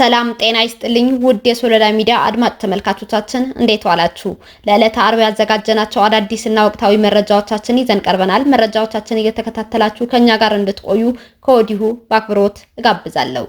ሰላም ጤና ይስጥልኝ ውድ የሶለዳ ሚዲያ አድማጭ ተመልካቾቻችን እንዴት ዋላችሁ? ለዕለተ አርብ ያዘጋጀናቸው አዳዲስና ወቅታዊ መረጃዎቻችን ይዘን ቀርበናል። መረጃዎቻችን እየተከታተላችሁ ከእኛ ጋር እንድትቆዩ ከወዲሁ በአክብሮት እጋብዛለሁ።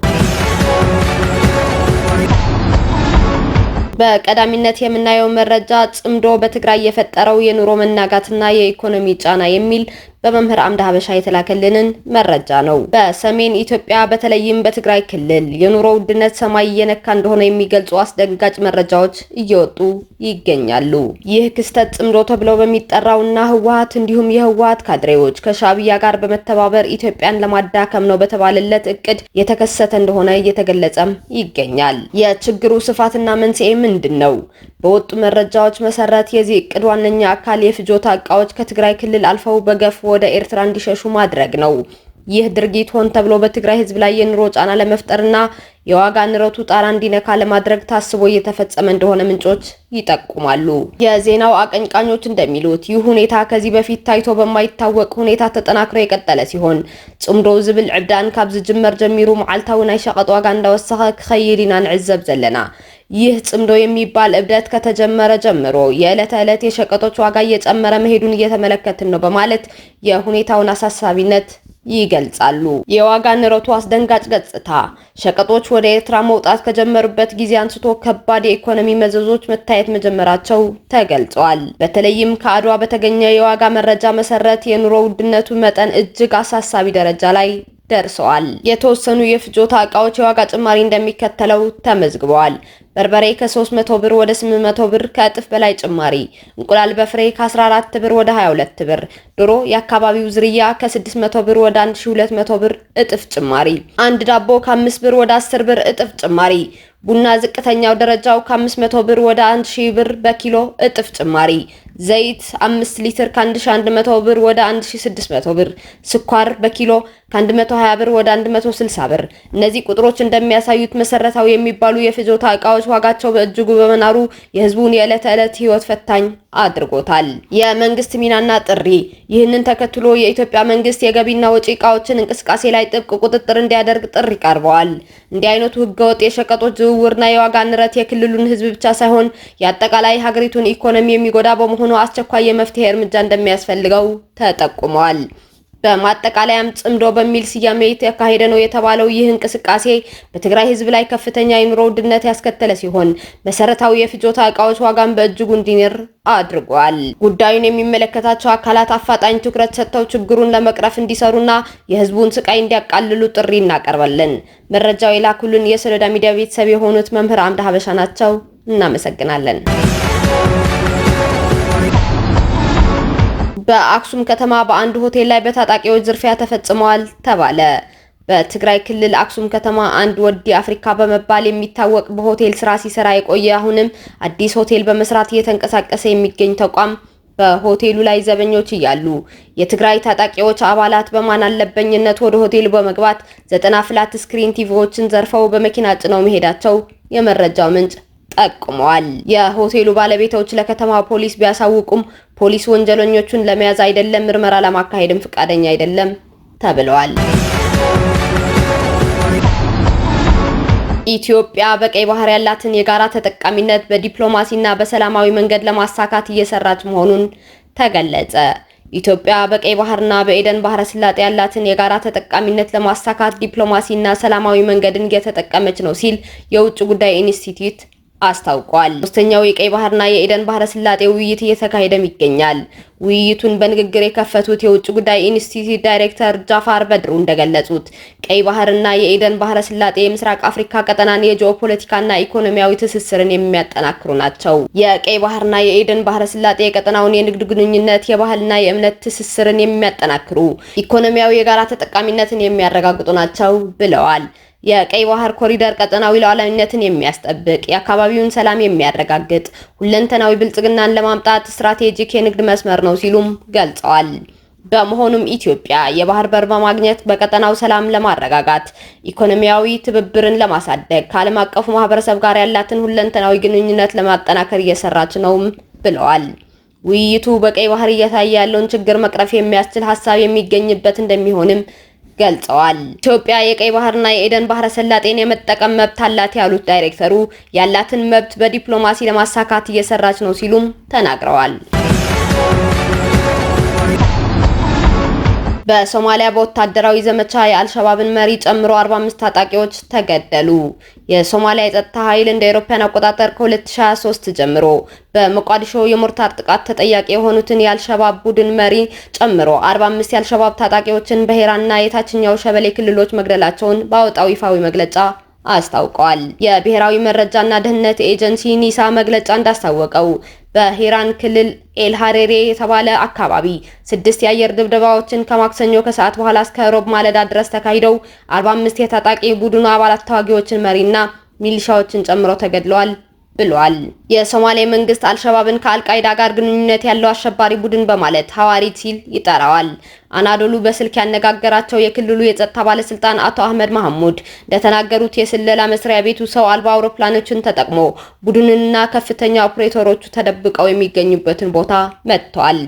በቀዳሚነት የምናየው መረጃ ጽምዶ በትግራይ የፈጠረው የኑሮ መናጋትና የኢኮኖሚ ጫና የሚል በመምህር አምደ ሀበሻ የተላከልንን መረጃ ነው። በሰሜን ኢትዮጵያ በተለይም በትግራይ ክልል የኑሮ ውድነት ሰማይ እየነካ እንደሆነ የሚገልጹ አስደንጋጭ መረጃዎች እየወጡ ይገኛሉ። ይህ ክስተት ጽምዶ ተብለው በሚጠራውና ህወሀት እንዲሁም የህወሀት ካድሬዎች ከሻብያ ጋር በመተባበር ኢትዮጵያን ለማዳከም ነው በተባለለት እቅድ የተከሰተ እንደሆነ እየተገለጸም ይገኛል። የችግሩ ስፋትና መንስኤ ምንድን ነው? በወጡ መረጃዎች መሰረት የዚህ እቅድ ዋነኛ አካል የፍጆታ እቃዎች ከትግራይ ክልል አልፈው በገፍ ወደ ኤርትራ እንዲሸሹ ማድረግ ነው። ይህ ድርጊት ሆን ተብሎ በትግራይ ህዝብ ላይ የኑሮ ጫና ለመፍጠርና የዋጋ ንረቱ ጣራ እንዲነካ ለማድረግ ታስቦ እየተፈጸመ እንደሆነ ምንጮች ይጠቁማሉ። የዜናው አቀንቃኞች እንደሚሉት ይህ ሁኔታ ከዚህ በፊት ታይቶ በማይታወቅ ሁኔታ ተጠናክሮ የቀጠለ ሲሆን ጽምዶ ዝብል ዕብዳን ካብ ዝጅመር ጀሚሩ መዓልታዊ ናይ ሸቀጥ ዋጋ እንዳወሰኸ ክኸይድ ኢና ንዕዘብ ዘለና ይህ ጽምዶ የሚባል እብደት ከተጀመረ ጀምሮ የዕለት ተዕለት የሸቀጦች ዋጋ እየጨመረ መሄዱን እየተመለከትን ነው በማለት የሁኔታውን አሳሳቢነት ይገልጻሉ። የዋጋ ንረቱ አስደንጋጭ ገጽታ ሸቀጦች ወደ ኤርትራ መውጣት ከጀመሩበት ጊዜ አንስቶ ከባድ የኢኮኖሚ መዘዞች መታየት መጀመራቸው ተገልጿል። በተለይም ከአድዋ በተገኘ የዋጋ መረጃ መሰረት የኑሮ ውድነቱ መጠን እጅግ አሳሳቢ ደረጃ ላይ ደርሰዋል። የተወሰኑ የፍጆታ እቃዎች የዋጋ ጭማሪ እንደሚከተለው ተመዝግበዋል። በርበሬ ከ300 ብር ወደ 800 ብር ከእጥፍ በላይ ጭማሪ፣ እንቁላል በፍሬ ከ14 ብር ወደ 22 ብር፣ ዶሮ የአካባቢው ዝርያ ከ600 ብር ወደ 1200 ብር እጥፍ ጭማሪ፣ አንድ ዳቦ ከ5 ብር ወደ 10 ብር እጥፍ ጭማሪ፣ ቡና ዝቅተኛው ደረጃው ከ500 ብር ወደ 1000 ብር በኪሎ እጥፍ ጭማሪ ዘይት 5 ሊትር ከ1100 ብር ወደ 1600 ብር፣ ስኳር በኪሎ ከ120 ብር ወደ 160 ብር። እነዚህ ቁጥሮች እንደሚያሳዩት መሰረታዊ የሚባሉ የፍጆታ እቃዎች ዋጋቸው በእጅጉ በመናሩ የህዝቡን የዕለት ተዕለት ህይወት ፈታኝ አድርጎታል። የመንግስት ሚናና ጥሪ። ይህንን ተከትሎ የኢትዮጵያ መንግስት የገቢና ወጪ እቃዎችን እንቅስቃሴ ላይ ጥብቅ ቁጥጥር እንዲያደርግ ጥሪ ቀርበዋል። እንዲህ አይነቱ ህገወጥ የሸቀጦች ዝውውርና የዋጋ ንረት የክልሉን ህዝብ ብቻ ሳይሆን የአጠቃላይ ሀገሪቱን ኢኮኖሚ የሚጎዳ በመሆ ሆኖ አስቸኳይ የመፍትሄ እርምጃ እንደሚያስፈልገው ተጠቁመዋል። በማጠቃለያም ጽምዶ በሚል ስያሜ የተካሄደ ነው የተባለው ይህ እንቅስቃሴ በትግራይ ሕዝብ ላይ ከፍተኛ የኑሮ ውድነት ያስከተለ ሲሆን መሰረታዊ የፍጆታ እቃዎች ዋጋን በእጅጉ እንዲንር አድርጓል። ጉዳዩን የሚመለከታቸው አካላት አፋጣኝ ትኩረት ሰጥተው ችግሩን ለመቅረፍ እንዲሰሩና የሕዝቡን ስቃይ እንዲያቃልሉ ጥሪ እናቀርባለን። መረጃው የላኩልን የሶሎዳ ሚዲያ ቤተሰብ የሆኑት መምህር አምደ ሀበሻ ናቸው። እናመሰግናለን። በአክሱም ከተማ በአንድ ሆቴል ላይ በታጣቂዎች ዝርፊያ ተፈጽመዋል ተባለ። በትግራይ ክልል አክሱም ከተማ አንድ ወዲ አፍሪካ በመባል የሚታወቅ በሆቴል ስራ ሲሰራ የቆየ አሁንም አዲስ ሆቴል በመስራት እየተንቀሳቀሰ የሚገኝ ተቋም በሆቴሉ ላይ ዘበኞች እያሉ የትግራይ ታጣቂዎች አባላት በማን አለበኝነት ወደ ሆቴሉ በመግባት ዘጠና ፍላት ስክሪን ቲቪዎችን ዘርፈው በመኪና ጭነው መሄዳቸው የመረጃው ምንጭ ጠቁመዋል። የሆቴሉ ባለቤቶች ለከተማ ፖሊስ ቢያሳውቁም ፖሊስ ወንጀለኞቹን ለመያዝ አይደለም፣ ምርመራ ለማካሄድም ፈቃደኛ አይደለም ተብለዋል። ኢትዮጵያ በቀይ ባህር ያላትን የጋራ ተጠቃሚነት በዲፕሎማሲና በሰላማዊ መንገድ ለማሳካት እየሰራች መሆኑን ተገለጸ። ኢትዮጵያ በቀይ ባህርና በኤደን ባህረ ስላጤ ያላትን የጋራ ተጠቃሚነት ለማሳካት ዲፕሎማሲና ሰላማዊ መንገድን እየተጠቀመች ነው ሲል የውጭ ጉዳይ ኢንስቲትዩት አስታውቋል። ሶስተኛው የቀይ ባህርና የኤደን ባህረ ስላጤ ውይይት እየተካሄደም ይገኛል። ውይይቱን በንግግር የከፈቱት የውጭ ጉዳይ ኢንስቲትዩት ዳይሬክተር ጃፋር በድሩ እንደገለጹት ቀይ ባህርና የኤደን ባህረ ስላጤ የምስራቅ አፍሪካ ቀጠናን የጂኦፖለቲካና ኢኮኖሚያዊ ትስስርን የሚያጠናክሩ ናቸው። የቀይ ባህርና የኤደን ባህረ ስላጤ የቀጠናውን የንግድ ግንኙነት፣ የባህልና የእምነት ትስስርን የሚያጠናክሩ ኢኮኖሚያዊ የጋራ ተጠቃሚነትን የሚያረጋግጡ ናቸው ብለዋል። የቀይ ባህር ኮሪደር ቀጠናዊ ሉዓላዊነትን የሚያስጠብቅ የአካባቢውን ሰላም የሚያረጋግጥ ሁለንተናዊ ብልጽግናን ለማምጣት ስትራቴጂክ የንግድ መስመር ነው ሲሉም ገልጸዋል። በመሆኑም ኢትዮጵያ የባህር በር በማግኘት በቀጠናው ሰላም ለማረጋጋት፣ ኢኮኖሚያዊ ትብብርን ለማሳደግ፣ ከዓለም አቀፉ ማህበረሰብ ጋር ያላትን ሁለንተናዊ ግንኙነት ለማጠናከር እየሰራች ነውም ብለዋል። ውይይቱ በቀይ ባህር እየታየ ያለውን ችግር መቅረፍ የሚያስችል ሀሳብ የሚገኝበት እንደሚሆንም ገልጸዋል። ኢትዮጵያ የቀይ ባህርና የኤደን ባህረ ሰላጤን የመጠቀም መብት አላት ያሉት ዳይሬክተሩ ያላትን መብት በዲፕሎማሲ ለማሳካት እየሰራች ነው ሲሉም ተናግረዋል። በሶማሊያ በወታደራዊ ዘመቻ የአልሸባብን መሪ ጨምሮ 45 ታጣቂዎች ተገደሉ። የሶማሊያ የጸጥታ ኃይል እንደ አውሮፓውያን አቆጣጠር ከ2023 ጀምሮ በሞቃዲሾ የሞርታር ጥቃት ተጠያቂ የሆኑትን የአልሸባብ ቡድን መሪ ጨምሮ 45 የአልሸባብ ታጣቂዎችን በሄራና የታችኛው ሸበሌ ክልሎች መግደላቸውን ባወጣው ይፋዊ መግለጫ አስታውቀዋል። የብሔራዊ መረጃና ደህንነት ኤጀንሲ ኒሳ መግለጫ እንዳስታወቀው በሂራን ክልል ኤልሃሬሬ የተባለ አካባቢ ስድስት የአየር ድብደባዎችን ከማክሰኞ ከሰዓት በኋላ እስከ ሮብ ማለዳ ድረስ ተካሂደው 45 የታጣቂ ቡድኑ አባላት ተዋጊዎችን መሪና ሚሊሻዎችን ጨምሮ ተገድለዋል። ብሏል። የሶማሌ መንግስት አልሸባብን ከአልቃይዳ ጋር ግንኙነት ያለው አሸባሪ ቡድን በማለት ሐዋሪ ሲል ይጠራዋል። አናዶሉ በስልክ ያነጋገራቸው የክልሉ የጸጥታ ባለስልጣን አቶ አህመድ ማህሙድ እንደተናገሩት የስለላ መስሪያ ቤቱ ሰው አልባ አውሮፕላኖችን ተጠቅሞ ቡድንንና ከፍተኛ ኦፕሬተሮቹ ተደብቀው የሚገኙበትን ቦታ መጥቷል።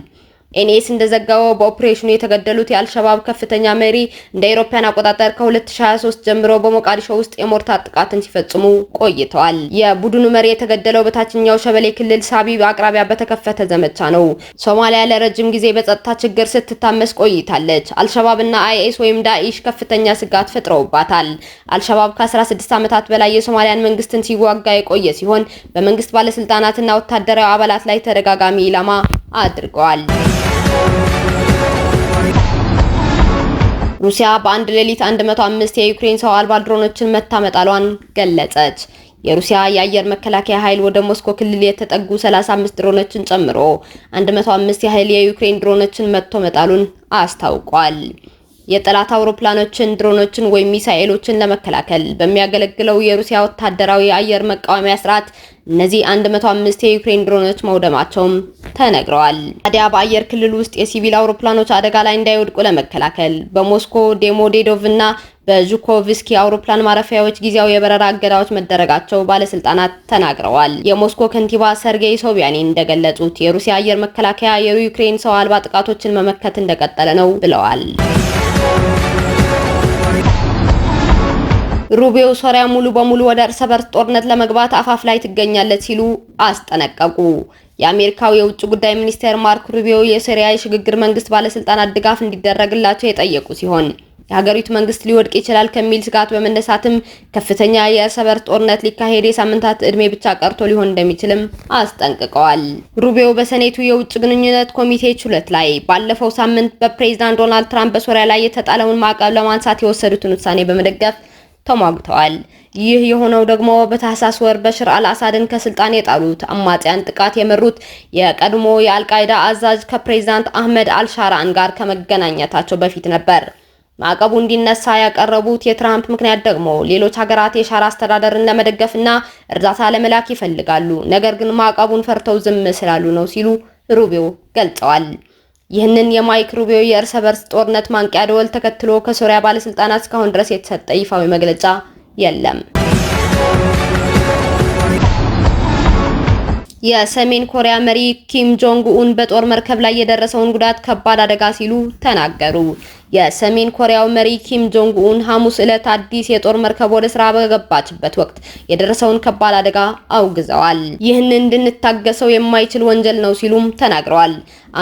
ኤንኤስ እንደዘገበው በኦፕሬሽኑ የተገደሉት የአልሸባብ ከፍተኛ መሪ እንደ አውሮፓውያን አቆጣጠር ከ2023 ጀምሮ በሞቃዲሾ ውስጥ የሞርታር ጥቃትን ሲፈጽሙ ቆይተዋል። የቡድኑ መሪ የተገደለው በታችኛው ሸበሌ ክልል ሳቢ አቅራቢያ በተከፈተ ዘመቻ ነው። ሶማሊያ ለረጅም ጊዜ በጸጥታ ችግር ስትታመስ ቆይታለች። አልሸባብ እና አይኤስ ወይም ዳኢሽ ከፍተኛ ስጋት ፈጥረውባታል። አልሸባብ ከ16 ዓመታት በላይ የሶማሊያን መንግስትን ሲዋጋ የቆየ ሲሆን በመንግስት ባለስልጣናትና ወታደራዊ አባላት ላይ ተደጋጋሚ ኢላማ አድርገዋል። ሩሲያ በአንድ ሌሊት 105 የዩክሬን ሰው አልባ ድሮኖችን መታመጣሏን ገለጸች። የሩሲያ የአየር መከላከያ ኃይል ወደ ሞስኮ ክልል የተጠጉ 35 ድሮኖችን ጨምሮ 105 ያህል የዩክሬን ድሮኖችን መጥቶ መጣሉን አስታውቋል። የጠላት አውሮፕላኖችን፣ ድሮኖችን ወይም ሚሳኤሎችን ለመከላከል በሚያገለግለው የሩሲያ ወታደራዊ የአየር መቃወሚያ ስርዓት እነዚህ 105 የዩክሬን ድሮኖች መውደማቸውም ተነግረዋል። ታዲያ በአየር ክልል ውስጥ የሲቪል አውሮፕላኖች አደጋ ላይ እንዳይወድቁ ለመከላከል በሞስኮ ዴሞዴዶቭ እና በዡኮቭስኪ አውሮፕላን ማረፊያዎች ጊዜያዊ የበረራ እገዳዎች መደረጋቸው ባለስልጣናት ተናግረዋል። የሞስኮ ከንቲባ ሰርጌይ ሶቪያኒ እንደገለጹት የሩሲያ አየር መከላከያ የዩክሬን ሰው አልባ ጥቃቶችን መመከት እንደቀጠለ ነው ብለዋል። ሩቢዮ ሶሪያ ሙሉ በሙሉ ወደ እርስ በርስ ጦርነት ለመግባት አፋፍ ላይ ትገኛለች ሲሉ አስጠነቀቁ። የአሜሪካው የውጭ ጉዳይ ሚኒስቴር ማርክ ሩቢዮ የሶሪያ የሽግግር መንግስት ባለስልጣናት ድጋፍ እንዲደረግላቸው የጠየቁ ሲሆን የሀገሪቱ መንግስት ሊወድቅ ይችላል ከሚል ስጋት በመነሳትም ከፍተኛ የእርስ በርስ ጦርነት ሊካሄድ የሳምንታት እድሜ ብቻ ቀርቶ ሊሆን እንደሚችልም አስጠንቅቀዋል። ሩቢዮ በሰኔቱ የውጭ ግንኙነት ኮሚቴ ችሎት ላይ ባለፈው ሳምንት በፕሬዚዳንት ዶናልድ ትራምፕ በሶሪያ ላይ የተጣለውን ማዕቀብ ለማንሳት የወሰዱትን ውሳኔ በመደገፍ ተሟግተዋል። ይህ የሆነው ደግሞ በታህሳስ ወር በሽር አልአሳድን ከስልጣን የጣሉት አማጽያን ጥቃት የመሩት የቀድሞ የአልቃይዳ አዛዥ ከፕሬዚዳንት አህመድ አልሻራን ጋር ከመገናኘታቸው በፊት ነበር። ማዕቀቡ እንዲነሳ ያቀረቡት የትራምፕ ምክንያት ደግሞ ሌሎች ሀገራት የሻራ አስተዳደርን ለመደገፍና እርዳታ ለመላክ ይፈልጋሉ፣ ነገር ግን ማዕቀቡን ፈርተው ዝም ስላሉ ነው ሲሉ ሩቢዮ ገልጸዋል። ይህንን የማይክ ሩቢዮ የእርስ በርስ ጦርነት ማንቂያ ደወል ተከትሎ ከሶሪያ ባለስልጣናት እስካሁን ድረስ የተሰጠ ይፋዊ መግለጫ የለም። የሰሜን ኮሪያ መሪ ኪም ጆንግ ኡን በጦር መርከብ ላይ የደረሰውን ጉዳት ከባድ አደጋ ሲሉ ተናገሩ። የሰሜን ኮሪያው መሪ ኪም ጆንግ ኡን ሐሙስ ዕለት አዲስ የጦር መርከብ ወደ ስራ በገባችበት ወቅት የደረሰውን ከባድ አደጋ አውግዘዋል። ይህን እንድንታገሰው የማይችል ወንጀል ነው ሲሉም ተናግረዋል።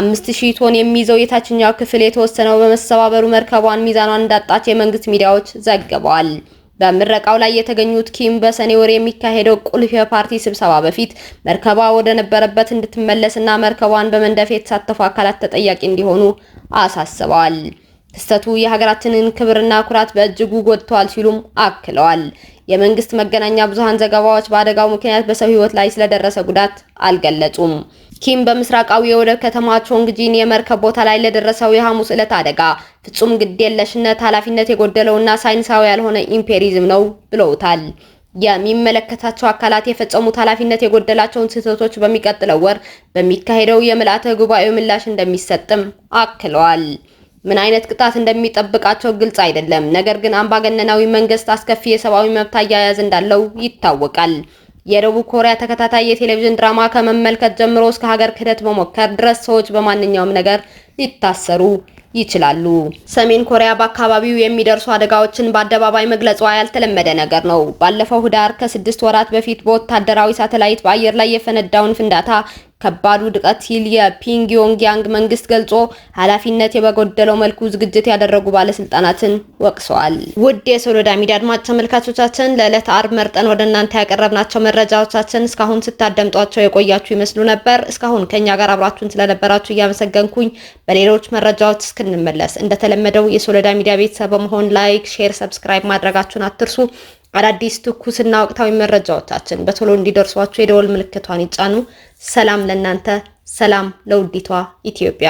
አምስት ሺህ ቶን የሚይዘው የታችኛው ክፍል የተወሰነው በመሰባበሩ መርከቧን ሚዛኗን እንዳጣች የመንግስት ሚዲያዎች ዘግበዋል። በምረቃው ላይ የተገኙት ኪም በሰኔ ወር የሚካሄደው ቁልፍ የፓርቲ ስብሰባ በፊት መርከቧ ወደ ነበረበት እንድትመለስና መርከቧን በመንደፍ የተሳተፉ አካላት ተጠያቂ እንዲሆኑ አሳስበዋል። ክስተቱ የሀገራችንን ክብርና ኩራት በእጅጉ ጎድተዋል ሲሉም አክለዋል። የመንግስት መገናኛ ብዙሃን ዘገባዎች በአደጋው ምክንያት በሰው ሕይወት ላይ ስለደረሰ ጉዳት አልገለጹም። ኪም በምስራቃዊ የወደብ ከተማ ቾንግጂን የመርከብ ቦታ ላይ ለደረሰው የሐሙስ ዕለት አደጋ ፍጹም ግዴለሽነት፣ ኃላፊነት የጎደለውና ሳይንሳዊ ያልሆነ ኢምፔሪዝም ነው ብለውታል። የሚመለከታቸው አካላት የፈጸሙት ኃላፊነት የጎደላቸውን ስህተቶች በሚቀጥለው ወር በሚካሄደው የምልአተ ጉባኤው ምላሽ እንደሚሰጥም አክለዋል። ምን አይነት ቅጣት እንደሚጠብቃቸው ግልጽ አይደለም። ነገር ግን አምባገነናዊ መንግስት አስከፊ የሰብአዊ መብት አያያዝ እንዳለው ይታወቃል። የደቡብ ኮሪያ ተከታታይ የቴሌቪዥን ድራማ ከመመልከት ጀምሮ እስከ ሀገር ክህደት መሞከር ድረስ ሰዎች በማንኛውም ነገር ሊታሰሩ ይችላሉ። ሰሜን ኮሪያ በአካባቢው የሚደርሱ አደጋዎችን በአደባባይ መግለጿ ያልተለመደ ነገር ነው። ባለፈው ህዳር ከስድስት ወራት በፊት በወታደራዊ ሳተላይት በአየር ላይ የፈነዳውን ፍንዳታ ከባድ ውድቀት ሲል የፒንግዮንግያንግ መንግስት ገልጾ ኃላፊነት በጎደለው መልኩ ዝግጅት ያደረጉ ባለስልጣናትን ወቅሰዋል። ውድ የሶሎዳ ሚዲያ አድማጭ ተመልካቾቻችን ለዕለት አርብ መርጠን ወደ እናንተ ያቀረብናቸው መረጃዎቻችን እስካሁን ስታደምጧቸው የቆያችሁ ይመስሉ ነበር። እስካሁን ከኛ ጋር አብራችሁን ስለነበራችሁ እያመሰገንኩኝ በሌሎች መረጃዎች እስክንመለስ እንደተለመደው የሶሎዳ ሚዲያ ቤተሰብ በመሆን ላይክ፣ ሼር፣ ሰብስክራይብ ማድረጋችሁን አትርሱ። አዳዲስ ትኩስና ወቅታዊ መረጃዎቻችን በቶሎ እንዲደርሷችሁ የደወል ምልክቷን ይጫኑ። ሰላም ለእናንተ፣ ሰላም ለውዲቷ ኢትዮጵያ።